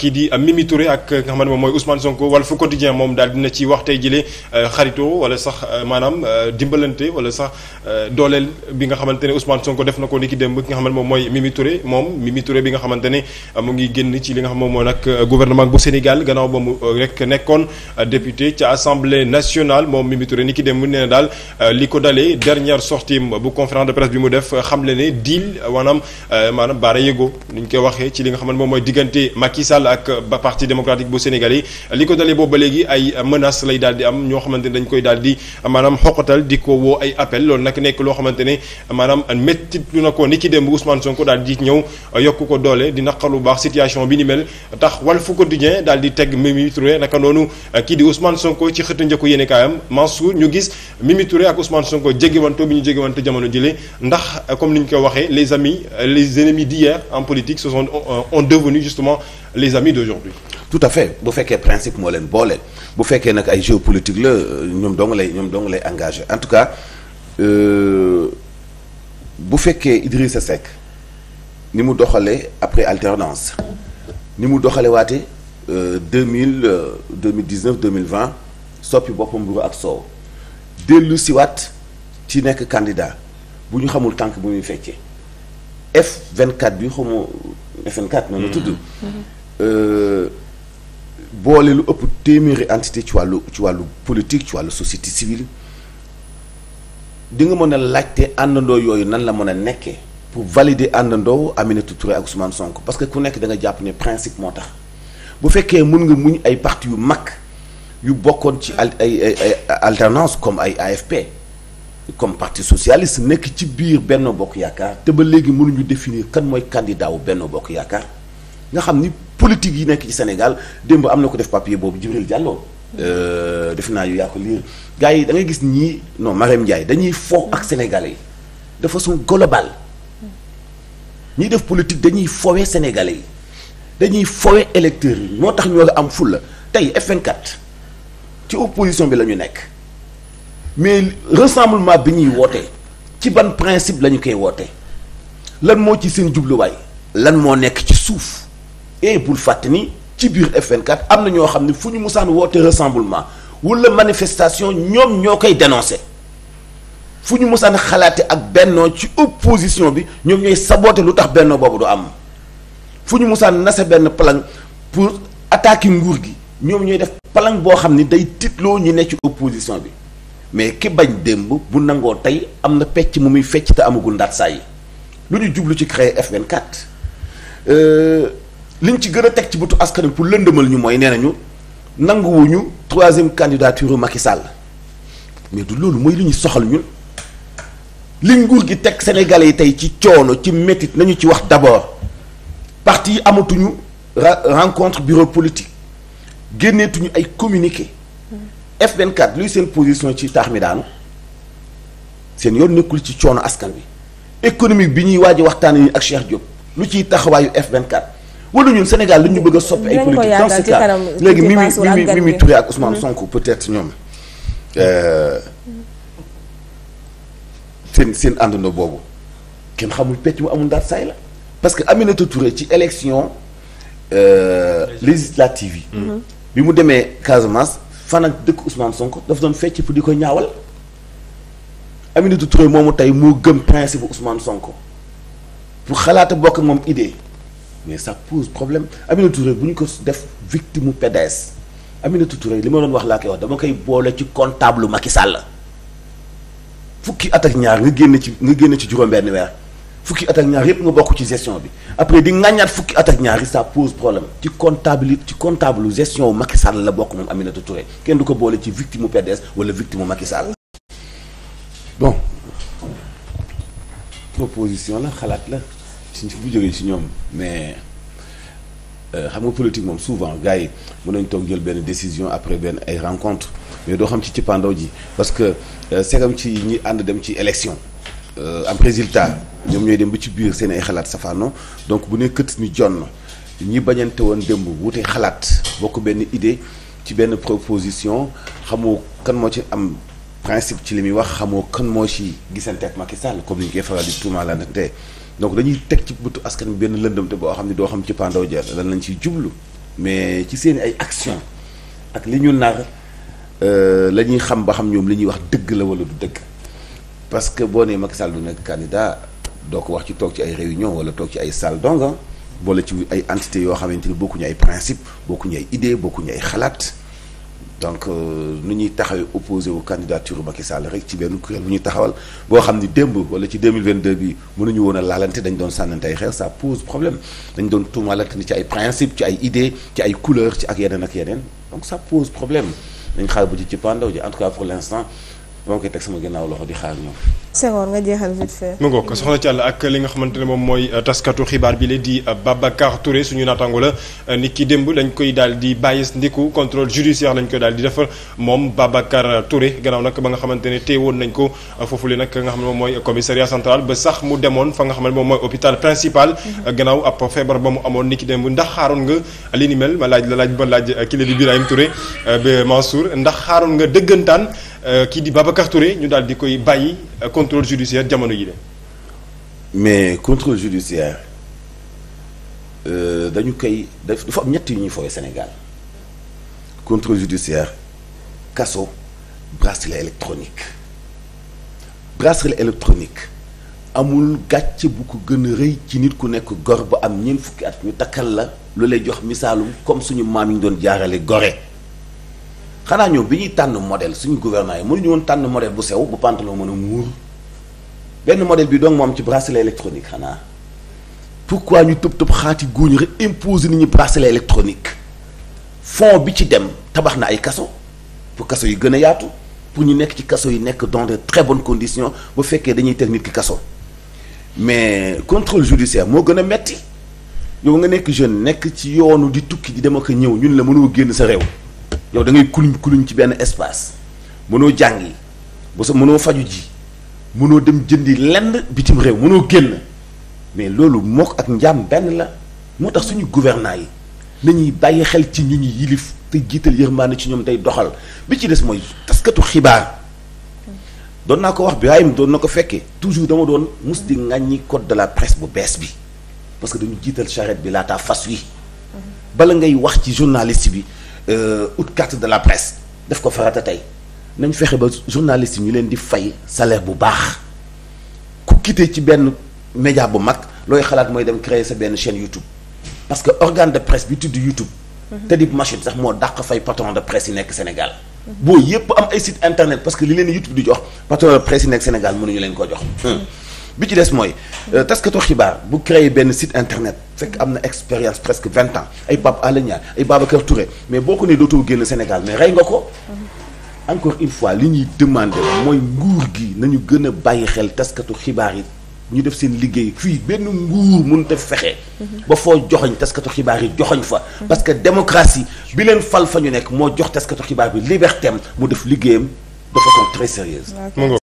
kii di Mimi Touré ak nga xamante moom mooy Ousmane Sonko Walf Quotidien moom daal dina ci wax tey euh, xarito wala sax euh, maanaam euh, dimbalante wala sax dooleel bi nga xamante ne Ousmane Sonko def na ko ni ki démb ki nga xamante moom mooy Mimi Touré moom Mimi Touré bi nga xamante ne mu ngi génn ci li nga xam moo mooy nag gouvernement bu Sénégal gannaaw ba mu rek nekkoon député ca assemblée nationale moom Mimi Touré ni ki démb nee na daal li ko dalee dernière sortie bu conférence de presse bi mu def xam le ne deal maanaam maanaam baara yëgoo ni ñu koy waxee ci moom mooy diggante Macky Sall Sall ak ba parti démocratique bu Sénégal li ko dalee boobu léegi ay menaces lay daal am ñoo xamante dañ koy daal maanaam xoqatal di ko woo ay appel loolu nag nekk loo xamante maanaam méttit lu na ko ni démb Ousmane Sonko daal ñëw yokk ko doole di naqar lu baax situation bi ni mel tax Walf Quotidien daal di teg Mimi naka noonu kii di Ousmane Sonko ci xëtu njëkku yéene kaayam ñu gis Mimi ak Ousmane Sonko jéggiwantoo bi ñu jéggiwante jamono les amis d'aujourd'hui tout à fait bu fekkee principe moo leen boole bu fekkee nag ay géopolitique la ñoom dong lay ñoom dong lay engagé en tout cas euh, bu fekkee Idrissa Seck ni mu doxalee après alternance ni mu doxale waate 2000 2019 2020 soppi boppam mburu ak soow dellu siwaat ci nekk candidat bu ñu xamul tànk bu muy feccee F24 bi xamu F24 noonu tudd mm-hmm. Mm-hmm. Euh, boole lu ëpp téeméeri entité ci wàllu ci wàllu politique ci wàllu société civile di nga mën a laajte àndandoo yooyu nan la mën a nekkee pour valider àndandoo Aminata Touré ak Ousmane sonk parce que ku nekk da nga jàpp ne principe moo tax bu fekkee mën nga muñ ay parti yu mag yu bokkoon ci ay ay alternance comme ay AFP comme parti socialiste nekk ci biir Benno Bokk Yaakaar te ba léegi mënuñu définir kan mooy candidat wu Benno Bokk Yaakaar nga xam ni politique yi nekk ci Sénégal démb am na ko def papier boobu Djibril Diallo. Euh, def naa yu yàqu ko liir gars yi da ngay gis ñii no Marème Ndiaye dañuy foo ak sénégalais yi de façon globale ñiy def politique dañuy fowe sénégalais yi dañuy fowe électeurs yi moo tax ñu war am fulla tey f ci opposition bi la ñu nekk mais resemblement bi ñuy wootee ci ban principe lañu koy wootee lan moo ci seen jubluwaay lan moo nekk ci suuf. et bul fàtte ni ci biir F24 am na ñoo xam ne fu ñu musaan woote resemblement wala manifestation ñoom ñoo koy dénoncé fu ñu musaan xalaate ak bennoo ci opposition bi ñoom ñooy saboote lu tax bennoo boobu du am fu ñu musaan nase benn plan pour attaquer nguur gi ñoom ñooy def plan boo xam ni day titloo ñu ne ci opposition bi mais ki bañ démb bu nangoo tey am na pecc mu muy fecc te amagul ndaat saa lu ñu jublu ci créer F24. Euh, li ñu ci gën a teg ci bëtu askan bi pour lëndëmal ñu mooy nee nañu nanguwuñu troisième candidature Macky Sall mais du loolu mooy li ñu soxal ñun li nguur gi teg Sénégalais yi tey ci coono ci métit nañu ci wax d'abord parti yi amatuñu rencontre bureau politique génneetuñu ay communique F24 luy seen position ci taax mi daanu seen yoon nekkul ci coono askan bi économique bi ñuy waaj a waxtaan ak Cheikh Diop lu ciy taxawaayu F24. wala ñun Sénégal dañu bëgg a soppi léegi Mimi Mimi Mimi Touré ak Ousmane Sonko peut-être ñoom euh, seen àndandoo boobu kenn xamul pecc mu amul ndaat saay la parce que Aminata Touré ci élection euh, législative yi mhm. mu demee Casamance fan ak dëkk Sonko dafa doon fecc pour di ko ñaawal Aminata Touré moom tey moo gëm principe Ousmane Sonko pour xalaata bokk moom idée mais ça pose problème Aminata Touré bu ñu ko def victime mu PDS Aminata Touré li ma doon wax laa koy wax dama koy boole ci comptable Macky la fukki at ak ñaar nga génn ci nga génn ci juróom-benn weer fukki at ak ñaar bokk ci gestion bi après di ŋàññaat fukki at ak ñaar ça pose problème ci comptable ci comptable gestion Macky la bokk moom Aminata ture kenn du ko boole ci victime mu PDS wala victime mu Macky Sall bon proposition la xalaat la. si bu si ñoom mais euh, xam nga politique moom souvent gars yi mën nañ toog jël benn décision après benn ay rencontre mais doo xam ci ci pandaw ji parce que euh, segam ci ñi ànd dem ci élection euh, am résultat ñoom ñooy dem ba ci biir seen ay xalaat safaano donc bu nekk kët ni jonn ñi bañante woon démb wute xalaat bokk benn idée ci benn proposition xamoo kan moo ci am principe ci li muy wax xamoo kan moo ci gisante ak Macky Sall comme ni ñu koy faral di tuumaalante donc dañuy teg ci bëtu askan bi benn lëndëmte boo xam ne doo xam ci pandaw ja lan lañ ciy jublu mais ci seen ay action ak li ñu nar euh, la ñuy xam ba xam ñoom li ñuy wax dëgg la walla du dëgg parce que boo nee mag Sall du nekk candidat doo ko wax ci toog ci ay réunion wala toog ci ay salle donga ah. boole ci ay entité yoo xamante ni bokkuñu ay principe bokkuñu ay idée bokkuñu ay xalaat donc euh, nu ñuy taxawee opposé wu candidature Macky Sall rek ci benn kuréel bu ñuy taxawal boo xam ni démb wala ci 2022 bi mënuñu woon a laalante dañ doon sànnante ay xeer ça pose problème dañ doon tuumalante ni ci ay principe ci ay idées ci ay couleurs ci ak yeneen ak yeneen donc ça pose problème dañ xaar bu ci ci pandaw ji en tout cas pour l'instant moo koy teg sama ginnaaw loxo di xaar ñoom Senghor nga jeexal vite mu ngoog soxna Thial ak li nga xamante ne moom mooy euh, taskatu xibaar bi la di euh, Babacar Touré suñu naataango la euh, ni ki démb lañ koy daal di bàyyi ndiku contrôle judiciaire lañ koy daal di defal moom Babacar Touré gannaaw nag ba nga xamante ne te woon nañ ko foofu foofule nag nga xam ne moom mooy commissariat central ba sax mu demoon fa nga xam ne moom mooy hôpital principal. Mhm. gannaaw ab feebar ba mu amoon ni ki démb ndax xaaroon nga li ma laaj la laaj ba laaj kii la di Birahim ndax xaaroon nga dëggantaan. Euh, kii di Babacar Touré ñu daal di koy bàyyi euh, contrôle judiciaire jamono yi de. mais contrôle judiciaire euh, dañu koy def dafa am ñett yu ñuy fooy Sénégal contrôle judiciaire kaso bracelet électronique bracelet électronique amul gàcce bu ko gën a rëy ci nit ku nekk gor ba am ñeent fukki at ñu takkal la lu lay jox misaalum comme suñu maam yi ñu doon jaarale gore xanaa ñëw bi ñuy tànn modèle suñu gouvernement yi mënuñu woon tànn modèle bu sew bu pantalon mën a muur benn modèle bi donc moom ci bracelet électronique xanaa pourquoi ñu tëb tëb xaati góoñu rek imposer nit ñi bracelet électronique fond bi ci dem tabax na ay kaso pour kaso yi gën a yaatu pour ñu nekk ci kaso yi nekk dans de très bonnes condition bu fekkee dañuy technique kaso mais contrôle judiciaire moo gën a metti yow nga nekk jeune nekk ci yoonu di tukki di dem ak ñëw ñun la mënoo génn sa réew. yow da ngay kuluñ kuluñ ci benn espace mënoo jàngi ba mënoo faju ji mënoo dem jëndi lenn bitim réew mënoo génn mais loolu mook ak njaam benn la moo tax suñu gouvernants yi nañuy bàyyi xel ci ñu ñu yilif te jiital yërmaane ci ñoom day doxal bi ci des mooy taskatu xibaar doon naa ko wax bi Birahim doon na ko fekkee toujours dama doon mus di ŋàññi code de la presse bu bees bi parce que dañu jiital charrette bi laataa fas wi bala ngay wax ci journaliste bi Euh, ut carte de la presse def ko farata tey nañ fexe ba journaliste yi ñu leen di fay salaire bu baax ku quitté ci benn média bu mag looy xalaat mooy dem créer sa benn chaîne YouTube parce que organe de presse bi tudd YouTube. Mhm. te di machine sax moo dàq fay patron de presse yi nekk Sénégal. boo yëpp am ay site internet parce que li leen YouTube di jox patron de presse yi nekk Sénégal mënuñu leen ko jox. Mhm. Hmm. bi ci des mooy euh, taskatu xibaar bu créé benn site internet fekk am na expérience presque vingt ans ay Pape Alé Niang ay Babacar Touré mais boo ko ne dootoo génn Sénégal mais rey nga ko encore une fois li ñuy demandé mooy nguur gi nañu gën a bàyyi xel taskatu xibaar yi ñu def seen liggéey fii benn nguur mun def fexe ba foo joxoñ taskatu xibaar yi joxoñ fa parce que démocratie bi leen fal fa ñu nekk moo jox taskatu xibaar bi liberté am mu def liggéeyam